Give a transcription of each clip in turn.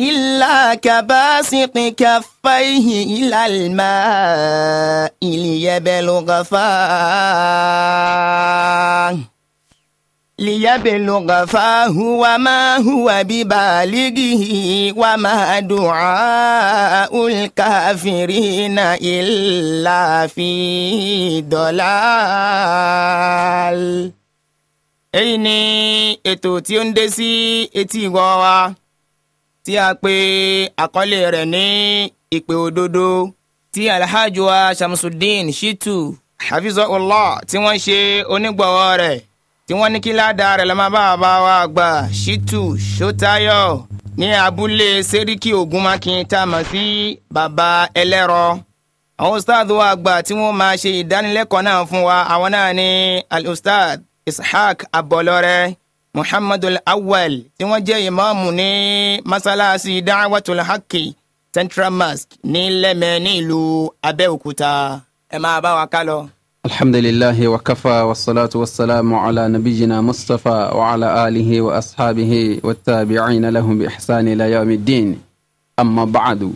إلا كباسط كفيه إلى الماء ليبلغ فاه ليبلغ فاه وما هو ببالغه وما دعاء الكافرين إلا في ضلال èyí ni ètò tí ó ń dé sí etí ìgbọ́ wa tí a pè àkọlé rẹ̀ ní ìpè òdodo tí alhaji wa shamsuddin shitu hafizahullah tí wọ́n ṣe onígbọ̀wọ́ rẹ̀ tí wọ́n ní kí ládàá rẹ̀ lọ́mọ bá bá wa gbà shitu sotayo ní abúlé seriki ogunmakin tá a mọ̀ sí baba ẹlẹ́rọ àwọn ustaad wa àgbà tí wọ́n máa ṣe ìdánilẹ́kọ̀ọ́ náà fún wa àwọn náà ní alustad ishaq abọlọrẹ muhammadu awal tí wọ́n jẹ́ ìmọ̀ọ́mù ní masalasi da'watul haki central mosque ní lẹ́mẹ̀ ní ìlú abẹ́òkúta ẹ máa bá wa ká lọ. alhamdulilahi wa kafa wa salatu wa salamu ala nabiyina mustapha wa ala alihi wa ashabihi wa tabi tabi'ina lahum bi ihsani ila yawmi din amma ba'du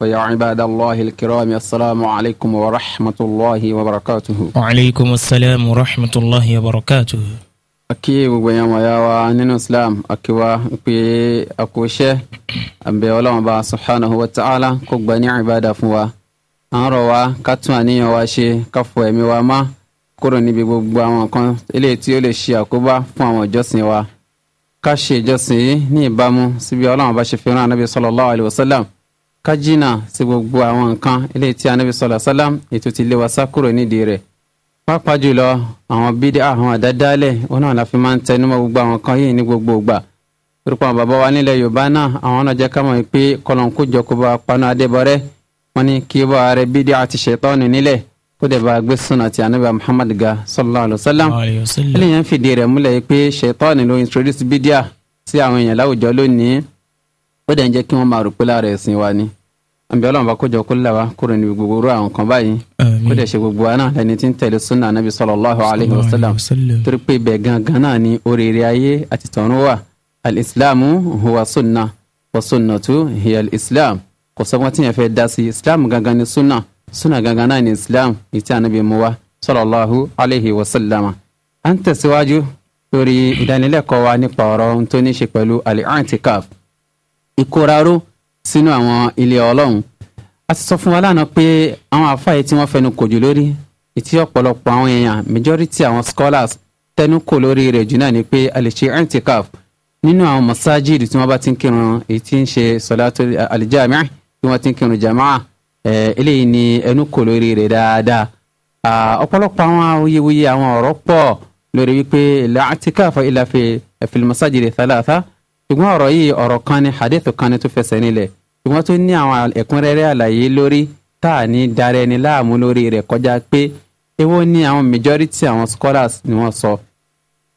فيا عباد الله الكرام السلام عليكم ورحمة الله وبركاته وعليكم السلام ورحمة الله وبركاته akí gbogbo èèyàn wọ̀nyá wa nínú islam akí wa pé àkóṣẹ́ àbẹ̀ ọlọ́run bá subhanahu wa ta'ala kó gbà ní ìbádà fún wa à ń rọ̀ wá ká tún àníyàn wa ṣe ká fọ ẹ̀mí wa má kúrò níbi gbogbo àwọn nǹkan eléyìí tí ó lè ṣe àkóbá fún àwọn ìjọsìn wa ká ṣe ìjọsìn yìí ní ìbámu síbi ọlọ́run bá ṣe fi rán anábì sallallahu alaihi wasallam ká jìnnà sí gbogbo àwọn nǹkan eléyìí tí anábì sallallahu alaihi ètò ti lé wa sá kúrò nídìí rẹ̀ pàápàá jùlọ àwọn bídí àwọn àdádálẹ̀ òun náà la fi máa ń tẹnumọ́ gbogbo àwọn kan yìí ní gbogbo ìgbà orúkọ àwọn bàbá wa nílẹ̀ yorùbá náà àwọn náà jẹ́ ká mọ̀ pé kọlọ̀ǹkó jọkọba panu adébọ̀rẹ́ wọn ni kí bá rẹ bídí àti ṣètọ́ọ̀nù nílẹ̀ kó dẹ̀ bá gbé sunna ti anábìá muhammad ga sallallahu alayhi wa sallam eléyàn fìdí rẹ̀ múlẹ̀ pé ṣètọ́ọ̀nù ló introduce bídíà sí àwọn èèyàn láwùjọ lónìí ó dẹ̀ ń jẹ́ kí wọ́n máa rò pé lára ẹ̀sìn àbí ọlọ́run bá kójọ kó là wá kúrò níbi gbogbo orú àwọn kan báyìí kó dẹ̀ ṣe gbogbo wa náà lẹni tí ń tẹ̀lé sunna anabi sallallahu alayhi wa sallam torí pé ibẹ̀ gangan náà ni oríire ayé àti tọ̀run wà alislamu huwa sunna wa sunnatu hiya alislam kò sọ́kàn tí yẹn fẹ́ dá sí islam gangan ni sunna sunna gangan náà ni islam ìtí anabi mu wa sallallahu alayhi wa sallam. à ń lórí ìdánilẹ́kọ̀ọ́ wa nípa ọ̀rọ̀ tó ní ṣe pẹ̀lú al ìkóraró sínú àwọn ilé ọlọ́run a ti sọ fún wa lánàá pé àwọn àfáàyè tí wọ́n fẹnu kò jù lórí ètí ọ̀pọ̀lọpọ̀ àwọn èèyàn majority àwọn scholars tẹnu kò lórí rẹ̀ jù náà ni pé a lè ṣe antikaf nínú àwọn masajid tí wọ́n bá ti ń kírun èyí tí ń ṣe sọ̀látò alijamia tí wọ́n ti ń kírun jamaa eléyìí ni ẹnu kò lórí rẹ̀ dáadáa ọ̀pọ̀lọpọ̀ àwọn awuyewuye àwọn ọ̀rọ̀ pọ̀ lórí wípé la antikaf illa fi fil masajid thalatha ṣùgbọ́n ọ̀rọ̀ yìí ọ̀rọ̀ kan ni hadithu kan ni tó fẹsẹ̀ nílẹ̀ ṣùgbọ́n tó ní àwọn ẹ̀kúnrẹ́rẹ́ àlàyé lórí tá à ní dára ẹni láàmú lórí rẹ̀ kọjá pé èwo ni àwọn majority àwọn scholars ni wọ́n sọ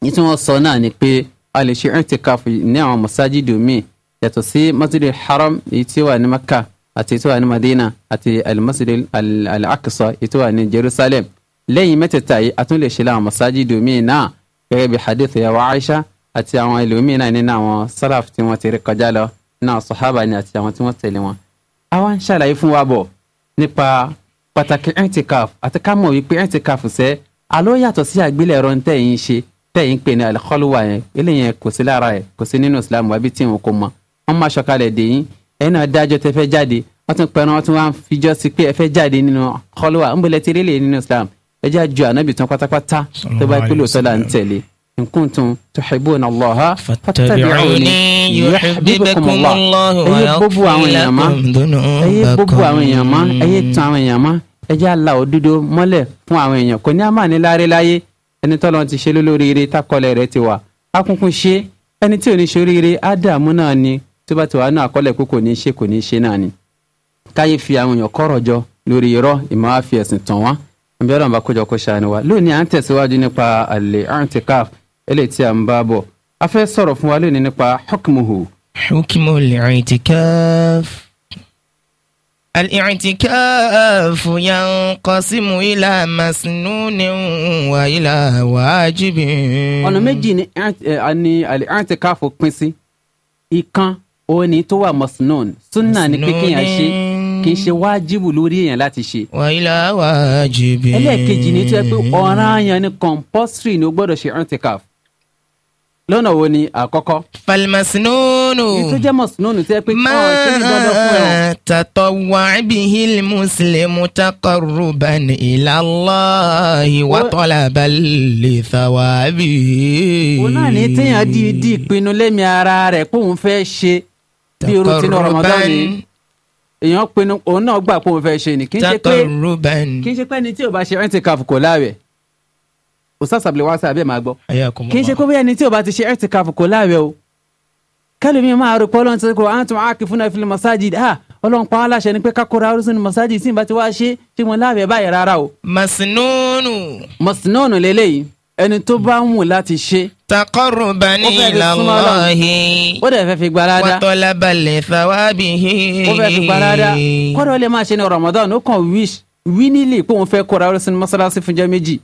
ní tí wọ́n sọ náà ni pé a lè ṣe ìtìkáfù ní àwọn masajidu míì yàtọ̀ sí masjid haram èyí tí wà ní Makka àti èyí ní Madina àti almasjid al-Aqsa èyí ní Jerusalem lẹ́yìn mẹ́tẹ̀ẹ̀ta yìí a tún lè ṣe láwọn masajidu míì náà gẹ́gẹ́ bí hadith yà Aisha àti àwọn ẹlòmíràn nínú àwọn sáràf tí wọ́n ti rí kọjá lọ nínú àwọn sọ̀hábà ni àti àwọn tí wọ́n tẹ̀lé wọn. àwa ń ṣàlàyé fún wa bọ̀ nípa pàtàkì ẹ̀ǹtìkàf àti ká mọ̀ wípé ẹ̀ǹtìkàf sẹ́ àló yàtọ̀ sí àgbélẹ̀rọ tẹ̀yìn ṣe tẹ̀yìn pè ní alikọ́lùwà yẹn eléyẹn kò sí lára ẹ̀ kò sí nínú Islam wàbí tí wọn kò mọ̀ wọ́n máa ṣọ̀kalẹ̀ dè yín ẹ̀yin náà dájọ́ tẹ fẹ́ jáde wọ́n tún pẹ̀rọ wọ́n tún wá ń fijọ́ sí pé ẹ fẹ́ jáde nínú kọ́lùwà ń bọ̀lẹ̀ lè nínú Islam ẹ jẹ́ àjọ ànábì tán pátápátá tó bá pé lóòótọ́ là ń tẹ̀lé إن كنتم تحبون الله فاتبعوني يحببكم الله ويغفر لكم ذنوبكم ẹyẹ gbogbo àwọn èèyàn mọ́ ẹyẹ tàn àwọn èèyàn mọ́ ẹjẹ́ àlà òdodo mọ́lẹ̀ fún àwọn èèyàn kò ní a máa ní láre láyé ẹni tọ́lọ́ ti ṣe lólóríire tákọlẹ̀ rẹ̀ ti wà akunkun ṣe ẹni tí ò ní ṣe oríire á dààmú náà ni tó bá ti wà nù àkọlẹ̀ pé kò ní ṣe kò ní ṣe náà ni. káyé fi àwọn èèyàn kọ́rọ̀ jọ lórí irọ́ ìmọ̀ á ẹ̀sìn tàn wọ́n àbí ọlọ́run bá kójọ ṣàánú wa lónìí à ń tẹ̀síwájú nípa àlè àǹtíkáàfù eléyìí tí a ń bá bọ̀ a fẹ́ sọ̀rọ̀ fún wa lónìí nípa hukmuhu. hukmu li'itikaf. al-i'tikaf yanqasimu ila masnunin wa ila wajibin. ọ̀nà méjì ni al-i'tikaf pín sí ìkan òun ni tó wà masnun sunna ni pé kéèyàn ṣe kì í ṣe wájibù lórí èèyàn láti ṣe. wàhálà wájibì. ẹlẹ́ẹ̀kejì ni tó yẹ pé ọ̀ranyàn ni compulsory ni o gbọ́dọ̀ ṣe i'tikaf lọ́nà wo ni àkọ́kọ́. falmasinonu. ìtújẹ́ masinonu tẹ́ pé kọ́ ṣe ní máa tàtọ̀ wá bihil muslimu taqarruban ila Allahi wa talaban li thawabi. wọn náà ní téèyàn di di ìpinnu lẹ́mi ara rẹ̀ pé òun fẹ́ ṣe bí irú tinú Ramadan ni èèyàn pinnu òun náà gbà pé òun fẹ́ ṣe ni kì í ṣe pé kì í ṣe pé ẹni tí ò bá ṣe ẹni tí kàfù ustaz abdulwasa abẹ́ máa gbọ́ kì í ṣe kó bóyá ẹni tí o bá ti ṣe ẹ̀tìkàfù kò láàwẹ̀ o kẹlẹ́mi máa rò pé ọlọ́run ti kọ́ àwọn tó máa kí fún náà fílẹ̀ masajid ha ah, ọlọ́run pa aláṣẹ ni pé kákóra orísun masajid tí n bá ti wá ṣe tí wọn láàbẹ̀ báyìí rárá o. masinonu. masinonu lélẹ́yìí ẹni tó bá ń wù láti ṣe. taqarrubani ilallahi. ó dẹ̀ fẹ́ fi gbalada. wa talabal thawabihi. ó fẹ́ fi gbalada. kọ́dọ̀ ó lè máa ṣe ní Ramadan ó kàn wí nílì pé òun fẹ́ kóra orísun masalasi fúnjẹ́ méjì.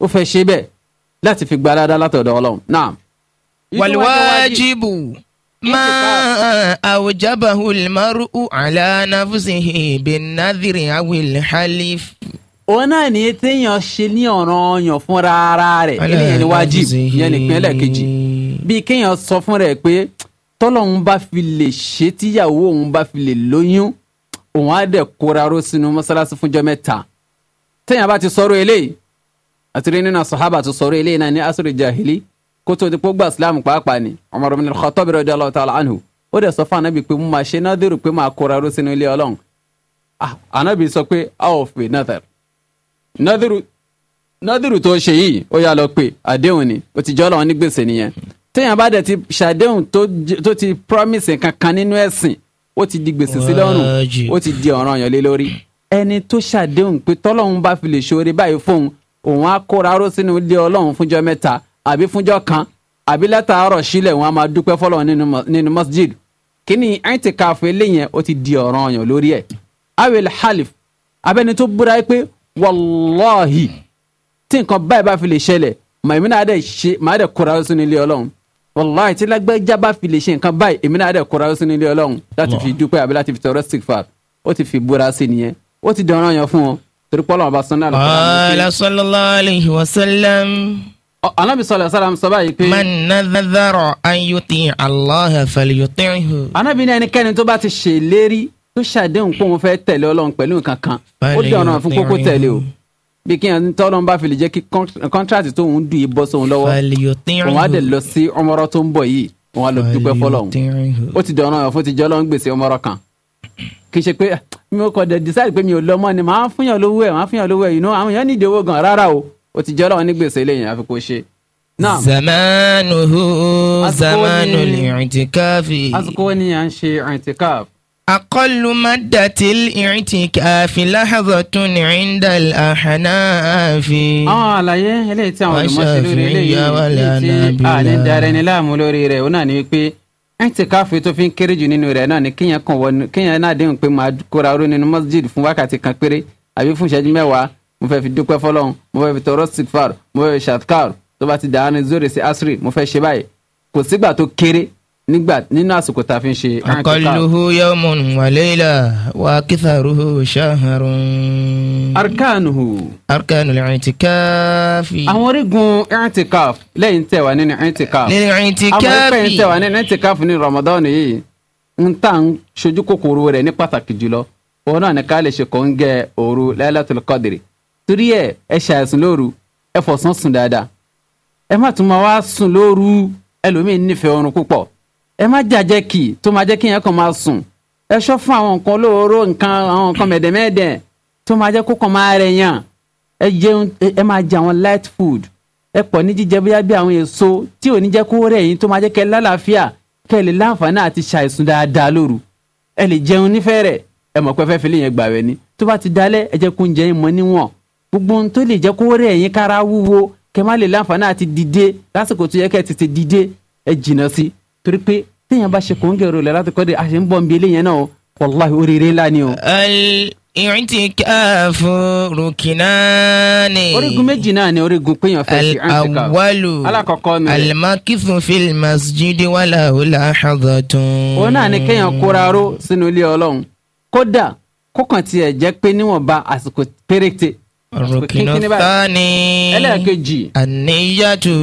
ó fẹ́ ṣe bẹ́ẹ̀ láti fi gba dáadáa látọ̀dọ̀ ọlọ́run náà. wàlúwàjibù máa àwùjábàhù lmaru alánàfùsìhì ala awil halif. òun náà ní téèyàn ṣe ní ọ̀ràn ọyàn rẹ̀ eléyìí ni wájib yẹn nípínlẹ̀ kejì bíi kéèyàn sọ fún rẹ̀ pé tọ́lọ́hún bá fi lè ṣe tíyàwó òun bá fi lè lóyún òun á dẹ̀ kóra ró sínú mọ́sálásí fúnjọ́ bá ti eléyìí àti rí nínú asọ̀hábà tó sọ̀rọ̀ eléyìí náà ní asọ̀rọ̀ jahili kó tó di pógbà islam pàápàá ni Umar ibn al-Khattab radiyallahu ta'ala anhu ó dẹ̀ sọ fún anabi pé mo máa ṣe nádìrú pé máa kóra ró sínú ilé ọlọ́run anabi ah, sọ pé out of pay nádìrú nádìrú nádìrú tó ṣe yìí ó yà lọ pé àdéhùn ni ó ti jọ́ ọlọ́run ní gbèsè nìyẹn téèyàn bá dẹ̀ ti ṣàdéhùn tó ti promise kankan nínú ẹ̀sìn ó ti di gbèsè sí lọ́rùn ó ti di ọ̀ranyàn lé lórí ẹni tó ṣàdéhùn pé tọ́lọ́run bá fi lè ṣoore báyìí fóun òun á kóra ró sínú ilé ọlọ́run fúnjọ́ mẹ́ta àbí fúnjọ́ kan àbí látàárọ̀ sílẹ̀ wọn a máa dúpẹ́ fọlọ́ nínú masjid kí ni àìtìkáfù eléyẹn ó ti di ọ̀ràn ọ̀yàn lórí ẹ̀ awel halif abẹ́ni tó búra pé wàlọ́ọ̀hì tí nǹkan báyìí bá fi lè ṣẹlẹ̀ màmí náà dẹ̀ ṣe màá dẹ̀ kóra ró sínú ilé ọlọ́run wàlọ́ọ̀hì tí lágbẹ́já bá fi lè ṣe nǹkan báyìí èmi náà dẹ̀ kóra ró sínú ilé ọlọ́run láti fi dúpẹ́ àbí láti fi tirikpọlọ ọba sunna. ọ̀la sallallahu alayhi wa sallam. anabi sallallahu alayhi wa sallam sọba yìí pé. man nadhara an yuti allaha falyuti'hu. anabi ní ẹnikẹ́ni tó bá ti ṣèlérí tó ṣàdéhùn pé òun fẹ́ tẹ̀lé ọlọ́run pẹ̀lú nǹkan kan ó dẹ̀ fún kókó tẹ̀lé o bí kí ẹni tọ́lọ́n bá fi lè jẹ́ kí kọ́ńtrátì tó ń dùn yìí bọ́ sóun lọ́wọ́ òun á dẹ̀ lọ sí ọmọrọ́ tó ń bọ̀ yìí òun á lọ dúpẹ́ fọlọ́hún ó ti dẹ̀ ọ̀nà fún ti jọ́ lọ́n gbèsè ọmọrọ́ kan kì í ṣe pé mi ò kọ̀ dẹ̀ decide pé mi ò lọ ni màá fún lówó ẹ̀ màá fún lówó ẹ̀ you àwọn èèyàn nídìí owó gan rárá o ó ti jẹ́ ọlọ́run ní gbèsè lẹ́yìn àfi kó ṣe. zamanuhu zamanu li'intikafi. àsìkò ni à ń ṣe i'intikaf. أقل مدة الاعتكاف لحظة عند الأحناف àwọn àlàyé eléyìí tí àwọn olùmọ̀ṣẹ́ lórí eléyìí tí àní ẹ̀ǹtìkáfù tó fi ń kéré jù nínú rẹ̀ náà ni kíyàn kàn wọ́n kíyàn náà déhùn pé màá kóra ró nínú masjid fún wákàtí kan péré àbí fún ìṣẹ́jú mẹ́wàá mo fẹ́ fi dúpẹ́ fọlọ́run mo fẹ́ fi tọrọ sikfar mo fẹ́ fi ṣàtkar tó bá ti dàánu zoro sí asiri mo fẹ́ ṣe báyìí kò sígbà tó kéré nígbà nínú àsìkò tá a fi ń ṣe. àkọlùhù yawmun wa layla wa akitharuhu shahrun. arkanuhu. arkanu l'intikafi. àwọn orígun i'tikaf lẹ́yìn tẹ̀ nínú i'tikaf. nínú àwọn orígun tẹ̀ nínú i'tikaf ní Ramadan yìí ń tà ń ṣojú kòkòrò rẹ̀ ní pàtàkì jùlọ òun náà ní ká lè ṣe kò ń gẹ òru Lailatul Qadri torí ẹ ẹ ṣàìsùn lóru ẹ fọ̀sán sùn dáadáa ẹ má tún máa wá sùn lóru ẹlòmíín nífẹ̀ẹ́ ẹ má jàjẹ́ kì tó máa jẹ́ kí yẹn kàn máa sùn ẹ ṣọ́ fún àwọn nǹkan olóró nǹkan àwọn nǹkan mẹ̀dẹ̀mẹ̀dẹ̀ tó máa jẹ́ kó kàn máa rẹ̀ yàn ẹ jẹun ẹ máa jẹ àwọn light food ẹ pọ̀ ní jíjẹ bóyá bí àwọn èso tí ò ní jẹ́ kó rẹ̀ yín tó máa jẹ́ kẹ́ lálàáfíà kẹ́ lè láǹfààní àti ṣàìsùn dáadáa lóru ẹ lè jẹun nífẹ̀ẹ́rẹ̀ ẹ mọ̀ pé fẹ́ fi lè yẹn gbà wẹ̀ ni tó bá ti dalẹ̀ ẹ jẹ́ kó oúnjẹ yín mọ níwọ̀n gbogbo ohun tó lè jẹ́ kó rẹ̀ yín kára wúwo kẹ́ má lè láǹfààní àti dìde lásìkò tó yẹ kẹ́ tètè dìde ẹ jìnnà sí i torí pé téèyàn bá ṣe kò ń gẹ̀rọ lẹ̀ láti kọ́ de àṣẹ ń bọ̀ nbí eléyẹn náà wàláhi oríire ńlá ni o. Ìtìkáàfù rukinani. Orígun méjì náà ni orígun péyàn fẹ́ sí àǹtíkà. Àwọ̀lù alákọ̀ọ́kọ́ mi. Àlùmákìfù fil masjidi wàlà òlà àhàdọ̀tún. Òun náà ni kéèyàn kóra ró sínú ilé Ọlọ́run. Kódà kókàn tiẹ̀ jẹ́ pé níwọ̀nba àsìkò péréte rukinu thani ẹlẹ́ẹ̀kejì àníyàtú.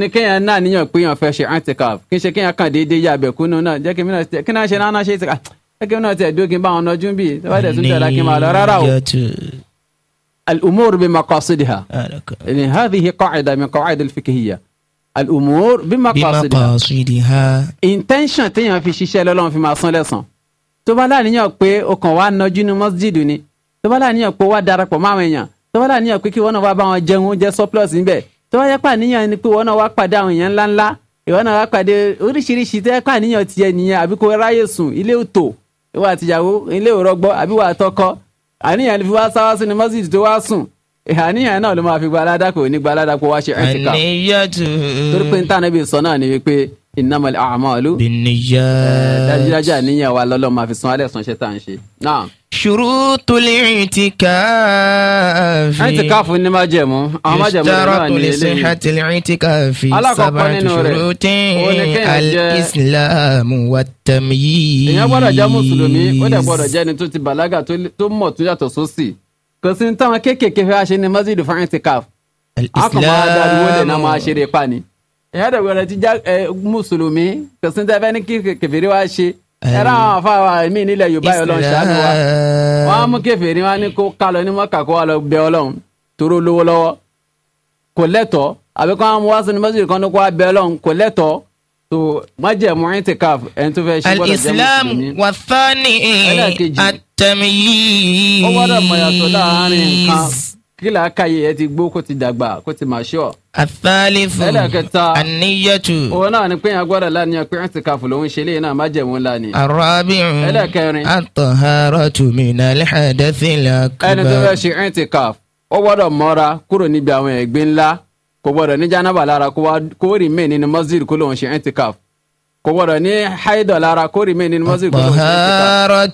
ni kéèyàn náà níyàn pé èèyàn fẹ́ ṣe antikaf kí n ṣe kéèyàn kàn déédéé yá abẹ́kú náà jẹ́ kí n náà kí n náà ṣe náà ṣe ìtìkà jẹ́ kí n náà tẹ̀ dúró bá wọn nọjú bí tọ́wọ́ tún dára kí máa lọ rárá o. الأمور بمقاصدها يعني هذه قاعدة من قواعد الفقهية الأمور بمقاصدها بمقاصدها intention téèyàn في ṣiṣẹ́ lọ́lọ́run fi máa san lẹ́san tó bá láàníyàn pé o kàn wá nọjú ní mọ́sídìí ni tó bá láàníyàn pé tó bá láníyàn pé kí wọ́n náà wá bá wọn jẹun oúnjẹ surplus níbẹ̀ tó bá yẹ ni pé wọ́n náà wá padà àwọn èèyàn ńláńlá ìwọ́n náà wá pàdé oríṣiríṣi tó yẹ pàníyàn tiẹ̀ nìyẹn àbí kó ráyè sùn ilé òtò ìwà àtìyàwó ilé òrọgbọ àbí wà àtọkọ àníyàn fi wá sáwá sí ni mọ́sídìí tó wá sùn àníyàn náà ló máa fi gbalada kò ní gbalada kó wá ṣe ẹ̀ṣìkà innamal a'malu. binniyat. dájúdájú àníyàn wa lọ́lọ́ máa fi san alẹ́ sàn ṣe tá à ń ṣe. shurutul i'tikafi. i'tikafu ní májẹ̀mú. àwọn májẹ̀mú rẹ̀ wà ní ilé. ishtaratul sihhatil i'tikafi. alákọ̀ọ́kọ́ nínú rẹ̀ shurutin al-islamu wat-tamyiz. èèyàn gbọ́dọ̀ jẹ́ mùsùlùmí ó dẹ̀ gbọ́dọ̀ jẹ́ ẹni tó ti bàlágà tó mọ̀ tó yàtọ̀ sósì kò sí ní táwọn kéékèèké fẹ́ ìyá dẹ̀ gbọ́dọ̀ ti já mùsùlùmí kò sí ní tẹ́fẹ́ ní kí kèfèrí wa ṣe ẹ̀rọ àwọn afáwa mi nílẹ̀ yorùbá yìí ọlọ́run ṣàánú wa wọ́n mú kèfèrí wa ní kó kálọ̀ ní mọ́kà kó wa lọ bẹ ọlọ́run toró lówó lọ́wọ́ kò lẹ́tọ̀ọ́ àbí kó àwọn wá sínú mọ́sùlùmí kan ní kó wa bẹ ọlọ́run kò lẹ́tọ̀ọ́ tó májẹ̀mú ìtìkáf ẹni tó fẹ́ ṣe gbọ́dọ̀ jẹ́ mùsùlùmí. al-Islam wa thani at-tamyiz. ó gbọ́dọ̀ mọ̀ yàtọ̀ láàárín nǹkan kí athalifu aniyatu. òun náà ni pínyà gbọ́dọ̀ lánìyàn pé ń sìkàfù lòún ṣe léyìn náà má jẹ̀mú lánìí. arabiu ataharatu minal hadathil akbar. ẹni tó fẹ́ ṣe ń sìkàfù ó gbọ́dọ̀ mọ́ra kúrò níbi àwọn ẹ̀gbin ńlá kò gbọ́dọ̀ ní jánábà lára kó rí mẹ́ẹ̀ nínú mọ́sídìí kó lòún ṣe ń sìkàfù kò gbọdọ̀ ní haidọ̀ lára kó rí mẹ́ni mọ́sí gbọdọ̀ sí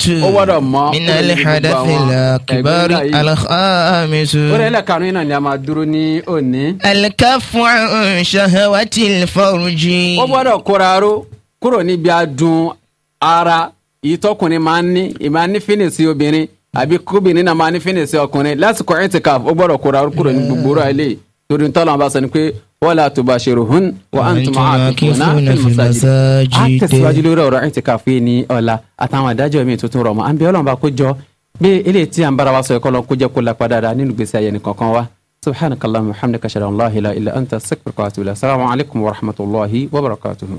kíkà ó gbọdọ̀ mọ́ minali hadafila kibari alhamisu. ó rẹ̀ lẹ̀ kanu iná ni a máa dúró ní òní. alikafu shahawati alfaruji. ó gbọdọ̀ kóraró kúrò níbi adùn ara ìtọ́kùnrin máa ń ní ìmáa ní fínísì obìnrin àbí kóbìnrin náà máa ní fínísì ọkùnrin lásìkò ẹ̀ńtìkà ó gbọdọ̀ kóraró kúrò ní wala tubashiruhun wa antum aakifuna fil masajid a tẹ̀síwájú lórí ọ̀rọ̀ ìtìkáfù yìí ní ọ̀la àtàwọn àdájọ́ mi tuntun rọ̀ mọ́ à ń bẹ Ọlọ́run bá kó jọ bí eléyìí tí à ń bára wa sọ ẹ̀kọ́ lọ kó jẹ́ kó la padà dáa nínú gbèsè ayẹni kankan wa subhanakallahumma wa hamdaka ashhadu an la ilaha illa anta astaghfiruka wa atubu ilayk assalamu alaikum wa rahmatullahi wa barakatuhu.